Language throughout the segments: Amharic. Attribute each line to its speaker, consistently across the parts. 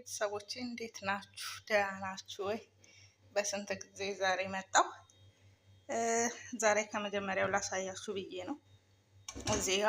Speaker 1: ቤተሰቦች እንዴት ናችሁ? ደህና ናችሁ ወይ? በስንት ጊዜ ዛሬ መጣሁ። ዛሬ ከመጀመሪያው ላሳያችሁ ብዬ ነው። እዚህ ጋ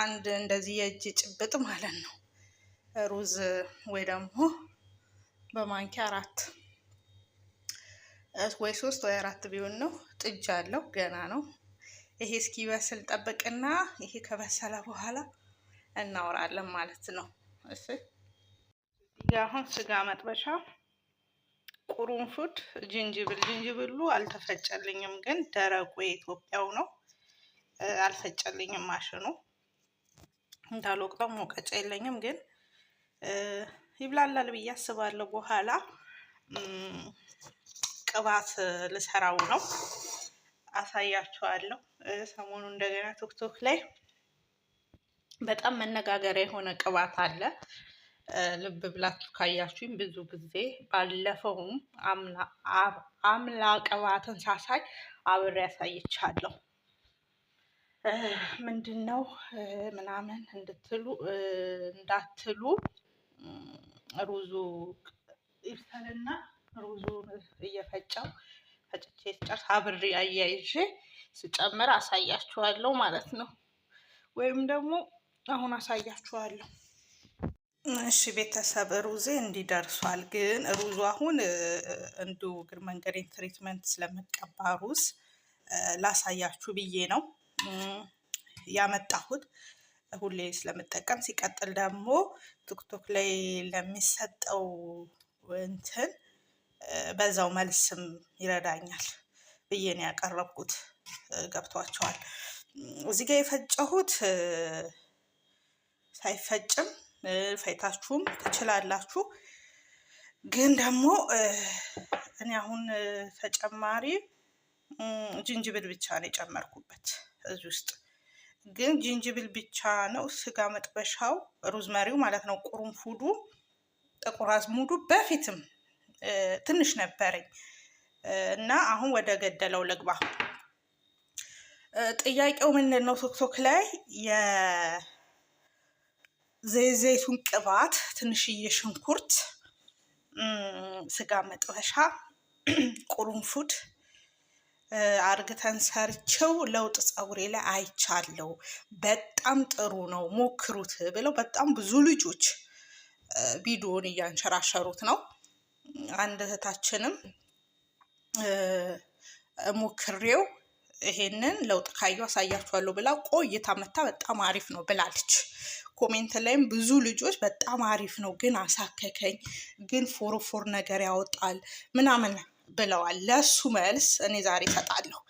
Speaker 1: አንድ እንደዚህ የእጅ ጭብጥ ማለት ነው ሩዝ ወይ ደግሞ በማንኪያ አራት ወይ ሶስት ወይ አራት ቢሆን ነው። ጥጅ አለው ገና ነው። ይሄ በስል ጠብቅና ይሄ ከበሰለ በኋላ እናወራለን ማለት ነው። እሺ የአሁን አሁን ስጋ መጥበሻ ቁሩንፉድ፣ ዝንጅብል ዝንጅብሉ አልተፈጨልኝም፣ ግን ደረቁ የኢትዮጵያው ነው አልፈጨልኝም። ማሽኑ እንዳልወቅጠው መውቀጫ የለኝም፣ ግን ይብላላል ብዬ አስባለሁ። በኋላ ቅባት ልሰራው ነው፣ አሳያችኋለሁ። ሰሞኑ እንደገና ቶክቶክ ላይ በጣም መነጋገሪያ የሆነ ቅባት አለ ልብ ብላችሁ ካያችሁኝ ብዙ ጊዜ ባለፈውም አምላ ቅባትን ሳሳይ አብሬ ያሳይቻለሁ። ምንድን ነው ምናምን እንድትሉ እንዳትሉ ሩዙ ይብሰልና ሩዙ እየፈጨው ፈጭቼ ስጨርስ አብሬ አያይዤ ስጨምር አሳያችኋለሁ ማለት ነው። ወይም ደግሞ አሁን አሳያችኋለሁ። እሺ ቤተሰብ ሩዜ እንዲደርሷል ግን ሩዙ አሁን እንዱ እግር መንገዴን ትሪትመንት ስለምቀባ ሩዝ ላሳያችሁ ብዬ ነው ያመጣሁት። ሁሌ ስለምጠቀም ሲቀጥል ደግሞ ቲክቶክ ላይ ለሚሰጠው እንትን በዛው መልስም ይረዳኛል ብዬ ነው ያቀረብኩት። ገብቷቸዋል። እዚህ ጋር የፈጨሁት ሳይፈጭም ፈይታችሁም ትችላላችሁ። ግን ደግሞ እኔ አሁን ተጨማሪ ጅንጅብል ብቻ ነው የጨመርኩበት እዚህ ውስጥ። ግን ጅንጅብል ብቻ ነው ስጋ መጥበሻው፣ ሮዝመሪው ማለት ነው፣ ቁርንፉዱ፣ ጥቁር አዝሙዱ በፊትም ትንሽ ነበረኝ እና አሁን ወደ ገደለው ልግባ። ጥያቄው ምንድን ነው? ቶክቶክ ላይ ዘይዘይቱን ቅባት፣ ትንሽዬ ሽንኩርት፣ ስጋ መጥበሻ፣ ቁርንፉድ አርግተን ሰርቸው ለውጥ ፀጉሬ ላይ አይቻለው። በጣም ጥሩ ነው ሞክሩት ብለው በጣም ብዙ ልጆች ቪዲዮን እያንሸራሸሩት ነው። አንድ እህታችንም ሞክሬው ይሄንን ለውጥ ካየው አሳያችኋለሁ ብላ ቆይታ መታ በጣም አሪፍ ነው ብላለች። ኮሜንት ላይም ብዙ ልጆች በጣም አሪፍ ነው፣ ግን አሳከከኝ፣ ግን ፎርፎር ነገር ያወጣል ምናምን ብለዋል። ለሱ መልስ እኔ ዛሬ እሰጣለሁ።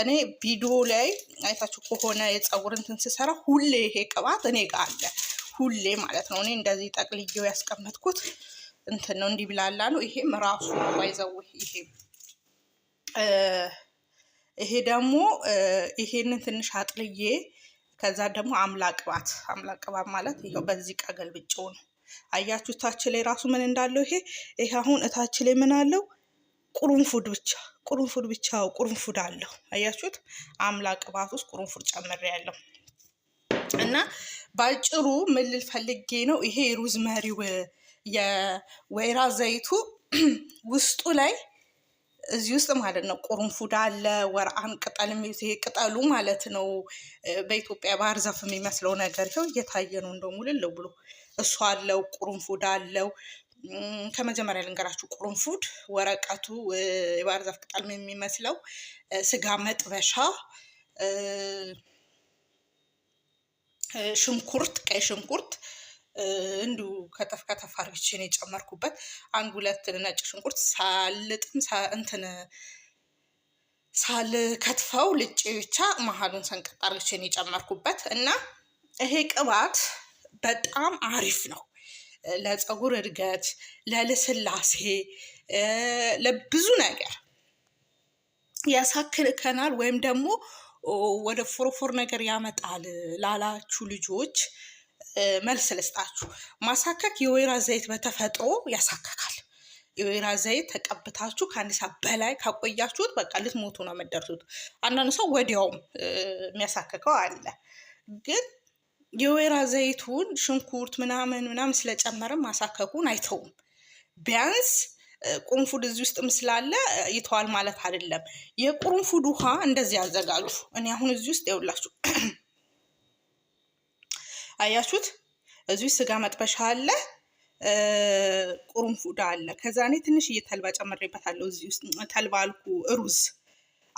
Speaker 1: እኔ ቪዲዮ ላይ አይታችሁ ከሆነ የፀጉር እንትን ስሰራ ሁሌ ይሄ ቅባት እኔ ጋ አለ፣ ሁሌ ማለት ነው። እኔ እንደዚህ ጠቅልዬው ያስቀመጥኩት እንትን ነው፣ እንዲህ ብላላ ነው። ይሄም ራሱ ባይዘው ይሄ ይሄ ደግሞ ይሄንን ትንሽ አጥልዬ ከዛ ደግሞ አምላ ቅባት አምላ ቅባት ማለት ይኸው በዚህ ቀገል ብጭው ነው። አያችሁ እታች ላይ ራሱ ምን እንዳለው ይሄ ይሄ አሁን እታች ላይ ምን አለው? ቁርንፉድ ብቻ ቁርንፉድ ብቻ ቁርንፉድ አለው። አያችሁት? አምላ ቅባት ውስጥ ቁርንፉድ ጨምሬ ያለው እና ባጭሩ ምን ልል ፈልጌ ነው ይሄ ሩዝመሪው የወይራ ዘይቱ ውስጡ ላይ እዚህ ውስጥ ማለት ነው ቁርንፉድ አለ፣ ወርአን ቅጠል፣ ይሄ ቅጠሉ ማለት ነው በኢትዮጵያ ባህር ዛፍ የሚመስለው ነገር ይኸው እየታየ ነው እንደው ሙልለው ብሎ እሱ አለው፣ ቁርንፉድ አለው። ከመጀመሪያ ልንገራችሁ፣ ቁርንፉድ ወረቀቱ የባህር ዛፍ ቅጠል የሚመስለው ስጋ መጥበሻ ሽንኩርት፣ ቀይ ሽንኩርት እንዱ ከተፍ ከተፍ አድርጌ ነው የጨመርኩበት። አንድ ሁለት ነጭ ሽንኩርት ሳልጥም እንትን ሳልከትፈው ልጭ ብቻ መሀሉን ሰንቀጥ አድርጌ ነው የጨመርኩበት እና ይሄ ቅባት በጣም አሪፍ ነው ለፀጉር እድገት፣ ለልስላሴ፣ ለብዙ ነገር ያሳክከናል ወይም ደግሞ ወደ ፎርፎር ነገር ያመጣል ላላችሁ ልጆች መልስ ልስጣችሁ። ማሳከክ የወይራ ዘይት በተፈጥሮ ያሳከካል። የወይራ ዘይት ተቀብታችሁ ከአንድ ሰዓት በላይ ካቆያችሁት በቃ ልትሞቱ ነው የምትደርሱት። አንዳንድ ሰው ወዲያውም የሚያሳክከው አለ። ግን የወይራ ዘይቱን ሽንኩርት ምናምን ምናምን ስለጨመረ ማሳከኩን አይተውም። ቢያንስ ቁርንፉድ እዚህ ውስጥም ስላለ ይተዋል ማለት አይደለም። የቁርንፉድ ውሃ እንደዚህ ያዘጋጁ። እኔ አሁን እዚህ ውስጥ ይውላችሁ አያችሁት? እዚህ ስጋ መጥበሻ አለ፣ ቁርንፉዳ አለ። ከዛ እኔ ትንሽዬ ተልባ ጨምሬበታለሁ። እዚህ ውስጥ ተልባ አልኩ፣ ሩዝ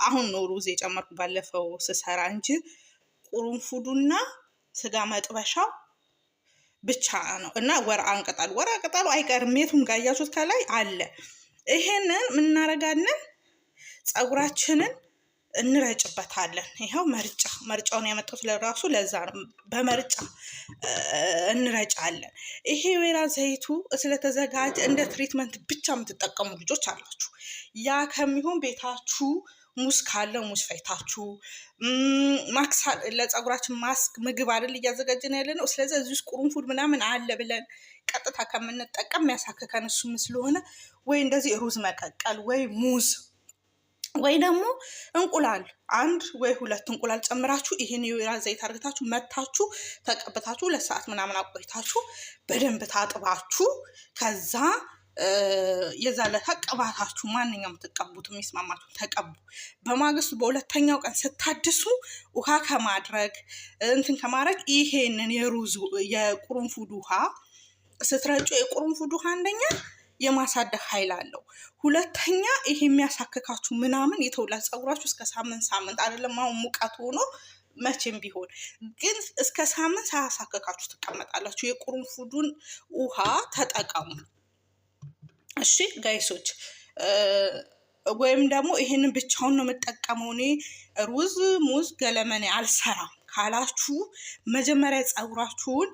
Speaker 1: አሁን ነው ሩዝ የጨመርኩ ባለፈው ስሰራ እንጂ ቁርንፉዱና ስጋ መጥበሻው ብቻ ነው። እና ወርአን ቅጠሉ ወርአ ቅጠሉ አይቀርም የቱም ጋር እያችሁት ከላይ አለ። ይሄንን የምናረጋለን ፀጉራችንን እንረጭበታለን። ይኸው መርጫ መርጫውን ያመጣሁት ለራሱ ለዛ ነው። በመርጫ እንረጫለን። ይሄ ወይራ ዘይቱ ስለተዘጋጀ እንደ ትሪትመንት ብቻ የምትጠቀሙ ልጆች አላችሁ። ያ ከሚሆን ቤታችሁ ሙስ ካለው ሙስ ፈይታችሁ ማክሳ ለፀጉራችን ማስክ ምግብ አይደል እያዘጋጀን ያለ ነው። ስለዚ እዚህ ውስጥ ቁርንፉድ ምናምን አለ ብለን ቀጥታ ከምንጠቀም የሚያሳክከን እሱም ስለሆነ ወይ እንደዚህ ሩዝ መቀቀል ወይ ሙዝ ወይ ደግሞ እንቁላል አንድ ወይ ሁለት እንቁላል ጨምራችሁ ይህን የወይራ ዘይት አድርግታችሁ መታችሁ ተቀብታችሁ ሁለት ሰዓት ምናምን አቆይታችሁ በደንብ ታጥባችሁ ከዛ የዛለታ ቅባታችሁ ማንኛውም ትቀቡት የሚስማማችሁ ተቀቡ። በማግስቱ በሁለተኛው ቀን ስታድሱ ውሃ ከማድረግ እንትን ከማድረግ ይሄንን የሩዝ የቁርንፉድ ውሃ ስትረጩ የቁርንፉድ ውሃ አንደኛ የማሳደግ ኃይል አለው። ሁለተኛ ይሄ የሚያሳክካችሁ ምናምን የተውላ ጸጉራችሁ እስከ ሳምንት ሳምንት አይደለም አሁን ሙቀት ሆኖ መቼም ቢሆን ግን እስከ ሳምንት ሳያሳክካችሁ ትቀመጣላችሁ። የቁርንፉዱን ውሃ ተጠቀሙ። እሺ ጋይሶች፣ ወይም ደግሞ ይሄንን ብቻውን ነው የምጠቀመው እኔ ሩዝ ሙዝ ገለመኔ አልሰራም ካላችሁ መጀመሪያ ፀጉራችሁን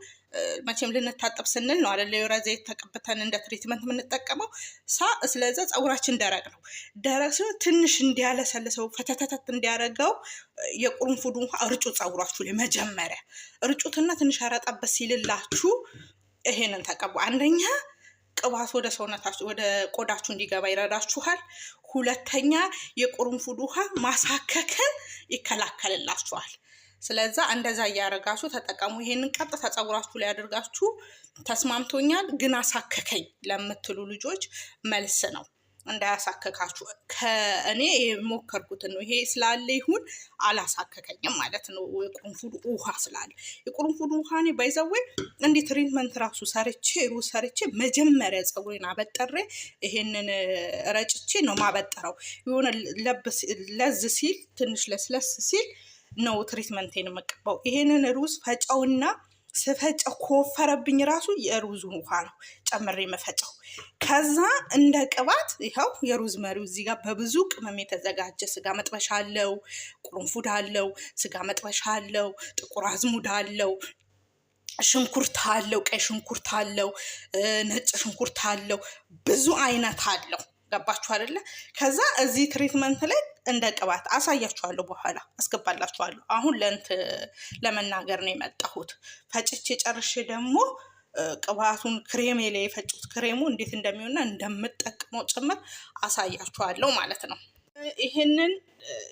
Speaker 1: መቼም ልንታጠብ ስንል ነው አደለ የወይራ ዘይት ተቀብተን እንደ ትሪትመንት የምንጠቀመው ሳ ስለዛ ፀጉራችን ደረቅ ነው። ደረቅ ሲሆን ትንሽ እንዲያለሰልሰው ፈተተተት እንዲያደረገው የቁርንፉድ ውሃ እርጩ ፀጉራችሁ ላይ መጀመሪያ እርጩትና ትንሽ ያረጣበት ሲልላችሁ ይሄንን ተቀቡ። አንደኛ ቅባት ወደ ሰውነታችሁ ወደ ቆዳችሁ እንዲገባ ይረዳችኋል። ሁለተኛ የቁርንፉድ ውሃ ማሳከክን ይከላከልላችኋል። ስለዛ እንደዛ እያደረጋችሁ ተጠቀሙ። ይሄንን ቀጥታ ጸጉራችሁ ላይ አድርጋችሁ ተስማምቶኛል ግን አሳከከኝ ለምትሉ ልጆች መልስ ነው። እንዳያሳከካችሁ ከእኔ የሞከርኩትን ነው። ይሄ ስላለ ይሁን አላሳከከኝም ማለት ነው። የቁርንፉድ ውሃ ስላለ የቁርንፉድ ውሃ እኔ ባይዘዌ እንዲ ትሪትመንት ራሱ ሰርቼ ሩ ሰርቼ መጀመሪያ ፀጉሬን አበጠሬ ይሄንን ረጭቼ ነው ማበጠረው የሆነ ለዝ ሲል ትንሽ ለስለስ ሲል ነው ትሪትመንቴን የምቀባው። ይሄንን ሩዝ ፈጨውና ስፈጨ ከወፈረብኝ ራሱ የሩዙን ውሃ ነው ጨምሬ መፈጨው። ከዛ እንደ ቅባት ይኸው የሩዝ መሪው እዚህ ጋር በብዙ ቅመም የተዘጋጀ ስጋ መጥበሻ አለው፣ ቁርንፉድ አለው፣ ስጋ መጥበሻ አለው፣ ጥቁር አዝሙድ አለው፣ ሽንኩርት አለው፣ ቀይ ሽንኩርት አለው፣ ነጭ ሽንኩርት አለው፣ ብዙ አይነት አለው። ገባችሁ አይደለ? ከዛ እዚህ ትሪትመንት ላይ እንደ ቅባት አሳያችኋለሁ፣ በኋላ አስገባላችኋለሁ። አሁን ለንት ለመናገር ነው የመጣሁት። ፈጭቼ ጨርሼ ደግሞ ቅባቱን ክሬሜ ላይ የፈጩት ክሬሙ እንዴት እንደሚሆንና እንደምጠቅመው ጭምር አሳያችኋለሁ ማለት ነው። ይህንን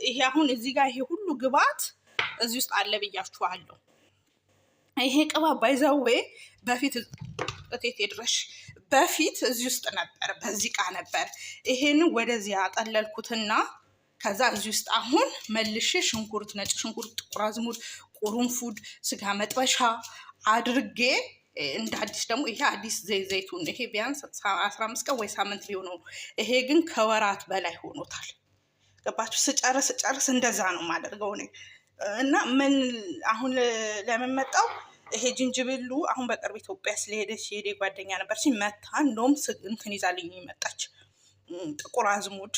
Speaker 1: ይሄ አሁን እዚህ ጋር ይሄ ሁሉ ግብአት እዚህ ውስጥ አለ ብያችኋለሁ። ይሄ ቅባት ባይዘዌ በፊት እቴቴ ድረሽ በፊት እዚህ ውስጥ ነበር፣ በዚህ ዕቃ ነበር። ይሄን ወደዚህ አጠለልኩትና ከዛ እዚህ ውስጥ አሁን መልሼ ሽንኩርት፣ ነጭ ሽንኩርት፣ ጥቁር አዝሙድ፣ ቁሩንፉድ፣ ስጋ መጥበሻ አድርጌ እንደ አዲስ ደግሞ ይሄ አዲስ ዘይቱን ይሄ ቢያንስ አስራ አምስት ቀን ወይ ሳምንት ሊሆነው ይሄ ግን ከወራት በላይ ሆኖታል። ገባችሁ? ስጨርስ ስጨርስ እንደዛ ነው ማደርገው እኔ እና ምን አሁን ለምንመጣው ይሄ ጅንጅብሉ አሁን በቅርብ ኢትዮጵያ ስለሄደች የሄደ ጓደኛ ነበረች መታ እንደውም እንትን ይዛልኝ መጣች ጥቁር አዝሙድ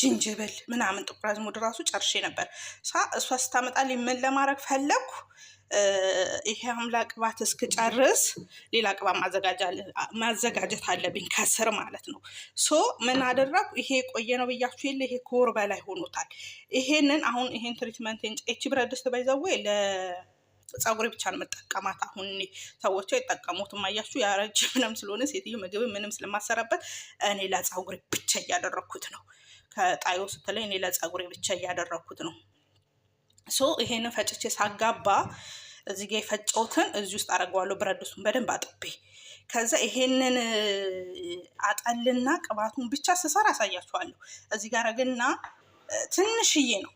Speaker 1: ጅንጅብል ምናምን ጥቁር አዝሙድ ራሱ ጨርሼ ነበር። እሷ ስታመጣ ምን ለማድረግ ፈለግኩ፣ ይሄ አምላ ቅባት እስክጨርስ ሌላ ቅባት ማዘጋጀት አለብኝ ከስር ማለት ነው። ሶ ምን አደረግኩ? ይሄ የቆየ ነው ብያችሁ የለ ይሄ ከወር በላይ ሆኖታል። ይሄንን አሁን ይሄን ትሪትመንት ጭቺ ብረት ድስት ባይዘዌ ለ ጸጉሬ ብቻ ነው የምጠቀማት። አሁን እኔ ሰዎቹ አይጠቀሙትም አያችሁ፣ ያረጅ ምንም ስለሆነ ሴትዮ ምግብ ምንም ስለማሰራበት እኔ ለጸጉሬ ብቻ እያደረግኩት ነው። ከጣዩ ስትለኝ እኔ ለጸጉሬ ብቻ እያደረግኩት ነው። ሶ ይሄንን ፈጭቼ ሳጋባ እዚህ ጋ የፈጨውትን እዚህ ውስጥ አደርገዋለሁ። ብረት ድስቱን በደንብ አጥቤ ከዛ ይሄንን አጠልና ቅባቱን ብቻ ስሰራ አሳያችኋለሁ። እዚህ ጋር ግና ትንሽዬ ነው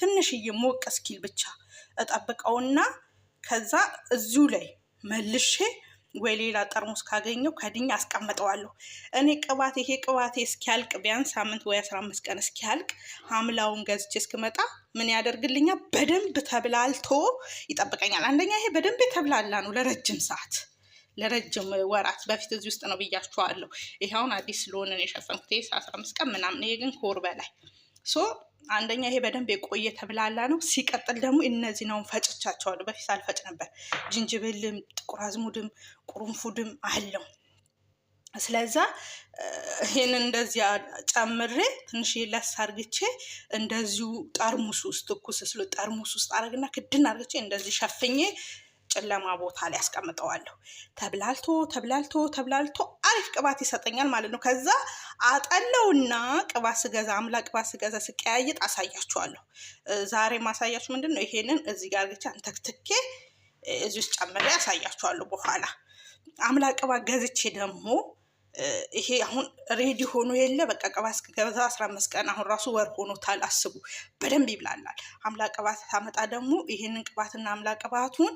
Speaker 1: ትንሽዬ ሞቅ እስኪል ብቻ እጠብቀውና ከዛ እዚሁ ላይ መልሼ ወይ ሌላ ጠርሙስ ካገኘው ከድኛ አስቀምጠዋለሁ። እኔ ቅባት ይሄ ቅባቴ እስኪያልቅ ቢያንስ ሳምንት ወይ አስራ አምስት ቀን እስኪያልቅ ሀምላውን ገዝቼ እስክመጣ ምን ያደርግልኛል? በደንብ ተብላልቶ ይጠብቀኛል። አንደኛ ይሄ በደንብ የተብላላ ነው ለረጅም ሰዓት ለረጅም ወራት በፊት እዚህ ውስጥ ነው ብያችኋለሁ። ይኸውን አሁን አዲስ ስለሆነ ነው የሸፈንኩት አስራ አምስት ቀን ምናምን። ይሄ ግን ከወር በላይ ሶ አንደኛ ይሄ በደንብ የቆየ ተብላላ ነው። ሲቀጥል ደግሞ እነዚህ ነውን ፈጭቻቸዋለሁ። በፊት አልፈጭ ነበር። ጅንጅብልም ጥቁር አዝሙድም ቁርንፉድም አለው። ስለዛ ይህን እንደዚህ ጨምሬ ትንሽ ለስ አርግቼ እንደዚሁ ጠርሙስ ውስጥ ትኩስ ስሎ ጠርሙስ ውስጥ አረግና ክድን አርግቼ እንደዚህ ሸፍኜ ጨለማ ቦታ ላይ አስቀምጠዋለሁ። ተብላልቶ ተብላልቶ ተብላልቶ አሪፍ ቅባት ይሰጠኛል ማለት ነው። ከዛ አጠለውና ቅባት ስገዛ አምላ ቅባት ስገዛ ስቀያይጥ አሳያችኋለሁ። ዛሬ ማሳያችሁ ምንድን ነው? ይሄንን እዚህ ጋር ግቻ አንተክትኬ እዚህ ውስጥ ጨምሬ ያሳያችኋለሁ። በኋላ አምላ ቅባት ገዝቼ ደግሞ ይሄ አሁን ሬዲ ሆኖ የለ በቃ ቅባት እስክገዛ አስራ አምስት ቀን አሁን ራሱ ወር ሆኖታል። አስቡ በደንብ ይብላላል። አምላ ቅባት ታመጣ ደግሞ ይሄንን ቅባትና አምላ ቅባቱን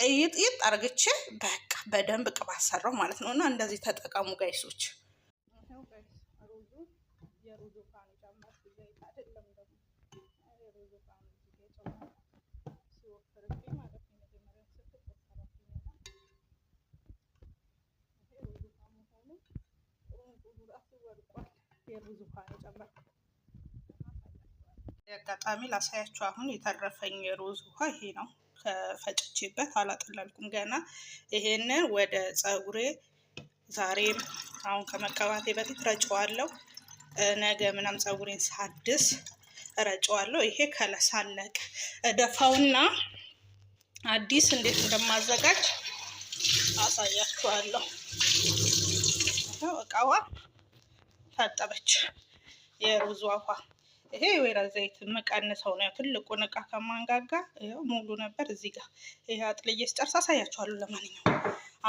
Speaker 1: ቅይጥይጥ አርግቼ በቃ በደንብ ቅባት ሰራው ማለት ነው። እና እንደዚህ ተጠቀሙ ጋይሶች። አጋጣሚ ላሳያችሁ አሁን የተረፈኝ የሮዝ ውሃ ይሄ ነው። ፈጭቼበት አላጠላልኩም ገና። ይሄንን ወደ ፀጉሬ ዛሬም አሁን ከመቀባቴ በፊት ረጨዋለሁ። ነገ ምናም ፀጉሬን ሳድስ ረጨዋለሁ። ይሄ ከለሳለቅ እደፋውና አዲስ እንዴት እንደማዘጋጅ አሳያችኋለሁ። እቃዋ ታጠበች የሩዝ ውሃ ይሄ ወይራ ዘይት መቀነሰው ነው። ትልቁን እቃ ከማንጋጋ ያው ሙሉ ነበር እዚህ ጋር ይሄ አጥልዬ ስጨርስ አሳያችኋለሁ። ለማንኛውም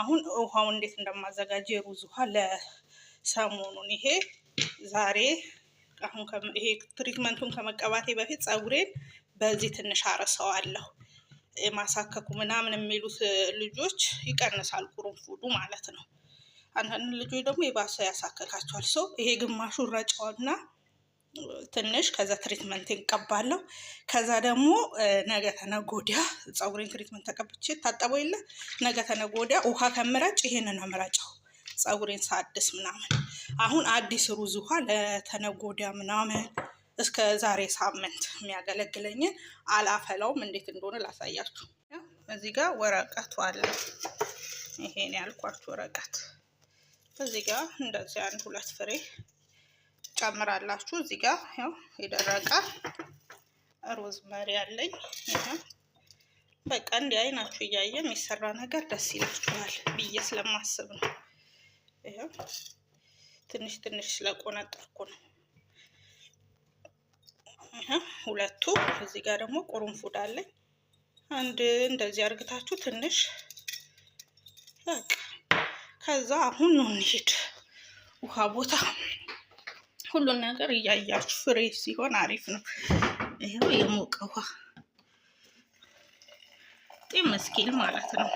Speaker 1: አሁን ውሃው እንዴት እንደማዘጋጀ የሩዝ ውሃ ለሰሞኑን ይሄ ዛሬ አሁን ይሄ ትሪትመንቱን ከመቀባቴ በፊት ጸጉሬን በዚህ ትንሽ አረሰዋለሁ። የማሳከኩ ምናምን የሚሉት ልጆች ይቀንሳል ቁርንፉዱ ማለት ነው። አንዳንድ ልጆች ደግሞ የባሰ ያሳከካቸዋል። ሰው ይሄ ግማሹ ረጨውና ትንሽ ከዛ ትሪትመንት እንቀባለሁ። ከዛ ደግሞ ነገ ተነገ ፀጉሬን ትሪትመንት ተቀብቼ ታጠበው የለ ነገ ተነገ ወዲያ ውሃ ከምረጭ ነው አምረጫው ፀጉሬን ሳድስ ምናምን። አሁን አዲስ ሩዝ ውሃ ለተነገ ወዲያ ምናምን እስከ ዛሬ ሳምንት የሚያገለግለኝን አላፈላውም። እንዴት እንደሆነ ላሳያችሁ። እዚህ ጋር ወረቀቱ አለ። ይሄን ያልኳችሁ ወረቀት እዚህ ጋር እንደዚህ አንድ ሁለት ፍሬ ጨምራላችሁ። እዚህ ጋር ያው የደረቀ ሮዝመሪ አለኝ። በቃ እንዲህ አይናችሁ እያየ የሚሰራ ነገር ደስ ይላችኋል ብዬ ስለማስብ ነው። ይኸው ትንሽ ትንሽ ስለቆነጠርኩ ነው። ሁለቱ እዚህ ጋር ደግሞ ቁርንፉድ አለኝ። አንድ እንደዚህ አርግታችሁ ትንሽ በቃ ከዛ አሁን ነው እንሄድ ውሃ ቦታ ሁሉን ነገር እያያችሁ ፍሬ ሲሆን አሪፍ ነው። ይኸው የሞቀ ውሃ ጢም እስኪል ማለት ነው።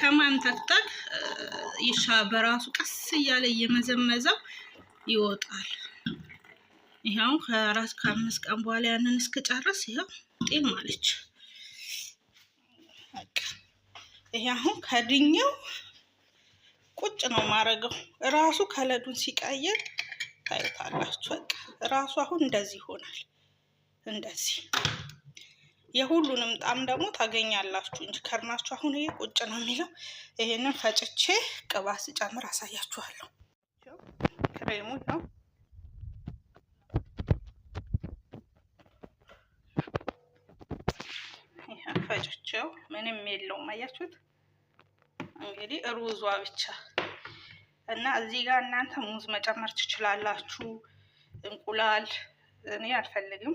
Speaker 1: ከማንተክተክ ይሻ በራሱ ቀስ እያለ እየመዘመዘው ይወጣል። ይኸው ከአራት ከአምስት ቀን በኋላ ያንን እስክጨርስ ይኸው ጢም አለች። ይሄ አሁን ከድኛው ቁጭ ነው ማረገው። ራሱ ከለዱን ሲቀይር ታይታላችሁ በቃ ራሱ አሁን እንደዚህ ይሆናል። እንደዚህ የሁሉንም ጣም ደግሞ ታገኛላችሁ እንጂ ከርናችሁ አሁን ይሄ ቁጭ ነው የሚለው። ይሄንን ፈጭቼ ቅባት ስጨምር አሳያችኋለሁ። ክሬሙ ነው ፈጭቼው ምንም የለውም። አያችሁት እንግዲህ ሩዟ ብቻ እና እዚህ ጋር እናንተ ሙዝ መጨመር ትችላላችሁ። እንቁላል እኔ አልፈልግም፣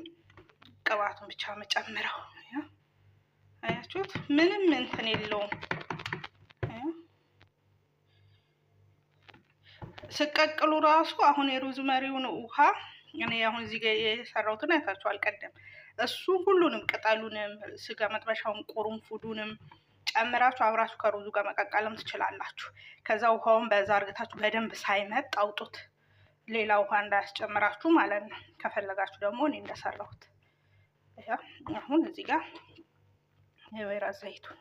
Speaker 1: ቅባቱን ብቻ መጨምረው። አያችሁት? ምንም እንትን የለውም። ስቀቅሉ ራሱ አሁን የሮዝመሪውን ውሃ እኔ አሁን እዚህ ጋር የሰራሁትን አይታችሁ አልቀደም እሱ ሁሉንም ቅጠሉንም ስጋ መጥበሻውን ቁርንፉዱንም ጨምራችሁ አብራችሁ ከሩዙ ጋር መቀቀልም ትችላላችሁ። ከዛ ውሃውን በዛ እርግታችሁ በደንብ ሳይመጥ አውጡት። ሌላ ውሃ እንዳያስጨምራችሁ ማለት ነው። ከፈለጋችሁ ደግሞ እኔ እንደሰራሁት አሁን እዚህ ጋር የወይራ ዘይቱን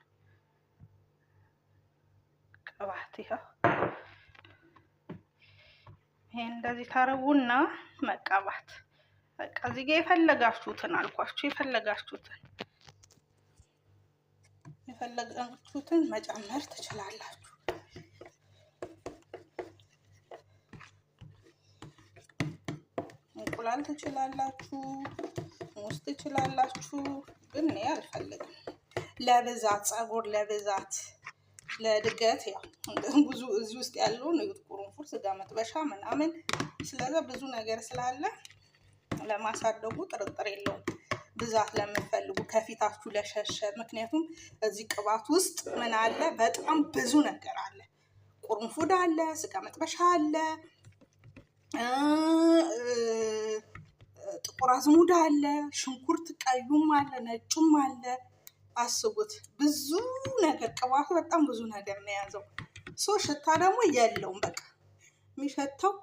Speaker 1: ቅባት ይኸው ይሄን እንደዚህ ታረጉና መቀባት በቃ እዚህ ጋር የፈለጋችሁትን አልኳችሁ የፈለጋችሁትን የፈለጋችሁትን መጨመር ትችላላችሁ። እንቁላል ትችላላችሁ፣ ሙዝ ትችላላችሁ። ግን እኔ አልፈልግም። ለብዛት ጸጉር ለብዛት ለድገት ያው ብዙ እዚህ ውስጥ ያለውን ቁርንፉር፣ ስጋ መጥበሻ ምናምን ስለዛ ብዙ ነገር ስላለ ለማሳደጉ ጥርጥር የለውም። ብዛት ለምፈልጉ ከፊታችሁ ለሸሸ። ምክንያቱም እዚህ ቅባት ውስጥ ምን አለ? በጣም ብዙ ነገር አለ። ቁርንፉድ አለ፣ ስጋ መጥበሻ አለ፣ ጥቁር አዝሙድ አለ፣ ሽንኩርት ቀዩም አለ፣ ነጩም አለ። አስቡት፣ ብዙ ነገር ቅባቱ በጣም ብዙ ነገር ነው የያዘው። ሶ ሽታ ደግሞ የለውም። በቃ የሚሸተው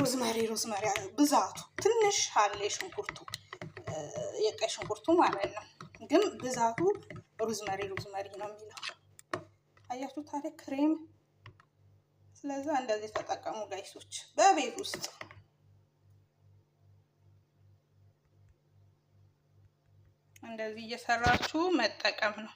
Speaker 1: ሩዝመሪ ሩዝመሪ ብዛቱ ትንሽ አለ የሽንኩርቱ የቀይ ሽንኩርቱ ማለት ነው። ግን ብዛቱ ሩዝመሪ ሩዝመሪ ነው የሚለው አያችሁ። ታዲያ ክሬም ስለዛ እንደዚህ ተጠቀሙ ጋይሶች በቤት ውስጥ እንደዚህ እየሰራችሁ መጠቀም ነው።